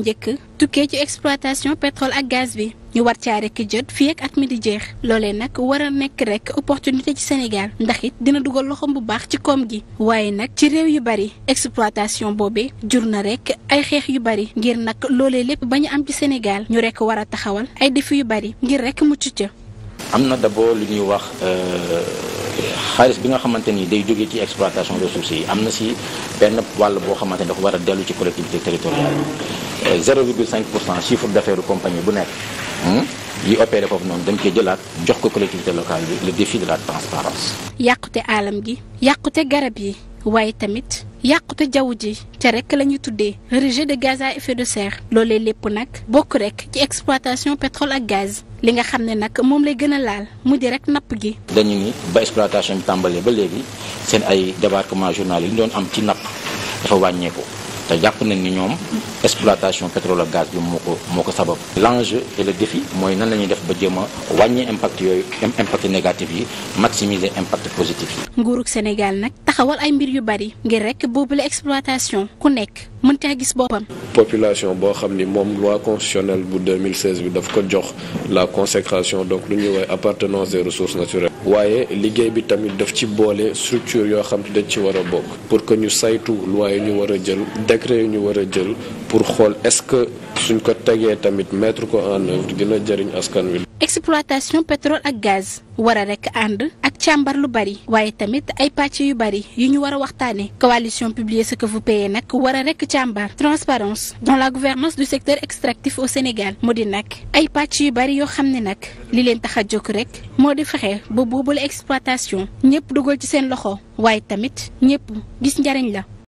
njëkk tukkee ci exploitation pétrole ak gaz bi ñu war caa rek jot fii at mi di jeex loolee nag war a nekk rek opportunité ci Sénégal ndax it dina dugal loxoom bu baax ci koom gi waaye nag ci réew yu bari exploitation boobe jur na rek ay xeex yu bari ngir nag loole lépp ba ñu am ci Sénégal ñu rekk war a taxawal ay défi yu bari ngir rek mucc ca. am na d'abord lu ñuy wax euh, xaalis bi nga xamante ni day jógee ci exploitation ressources yi am na si benn wàll boo xamante ni dafa war a dellu ci collectivité territoriale 0,5 pour cent chiffre d'affaires u compagnie bu nekk hmm, yi opéré foofu noonu dañ koy jëlaat jox ko collectivité locale bi le défi de la transparence yàqute aalam gi yàqute garab yi waaye tamit yàqute jaww ji te rek la ñu tuddee rejet de gaz effet de serre loolee lépp nag bokk rek ci exploitation pétrole ak gaz li nga xam ne nag moom lay gën a laal mu di rek napp gi. dañu ni ba exploitation bi tàmbalee ba léegi seen ay débarquement journal yi ñu doon am ci napp dafa wàññeeku. te jàpp nañ ni ñoom exploitation pétrole ak gaz bi moo ko moo ko sabab l'enjeu et la défi mooy nan la ñuy def ba jéem a wàññi impact yooyu impact négatif yi maximiser impact positif yi nguurug Sénégal nag taxawal ay mbir yu bari ngir rek boobule exploitation ku nekk mën caa gis boppam. population boo xam ni moom loi constitutionnelle bu 2016 bi dafa ko jox la consécration donc lu ñuy woowee appartenance des ressources naturelles. waaye liggéey bi tamit daf ci boole structure yoo xam ne dañ ci war a bokk pour que ñu saytu loi yi ñu war a jël décret yi ñu war a jël pour xool est-ce que suñ ko tegee tamit mettre ko en œuvre dina jëriñ askan wi. exploitation pétrole ak gaz war a rekk ànd ak càmbar lu bari waaye tamit ay pàcc yu bari yu ñu war a waxtaane coalition Publiez ce que vous nag war a rekk càmbar transparence dans la gouvernance du secteur extractif au Sénégal mu di nag ay pàcc yu bari yoo xam ne nag li leen tax a jóg rek moo di fexe ba boobule exploitation ñëpp dugal ci seen loxo waaye tamit ñëpp gis njariñ la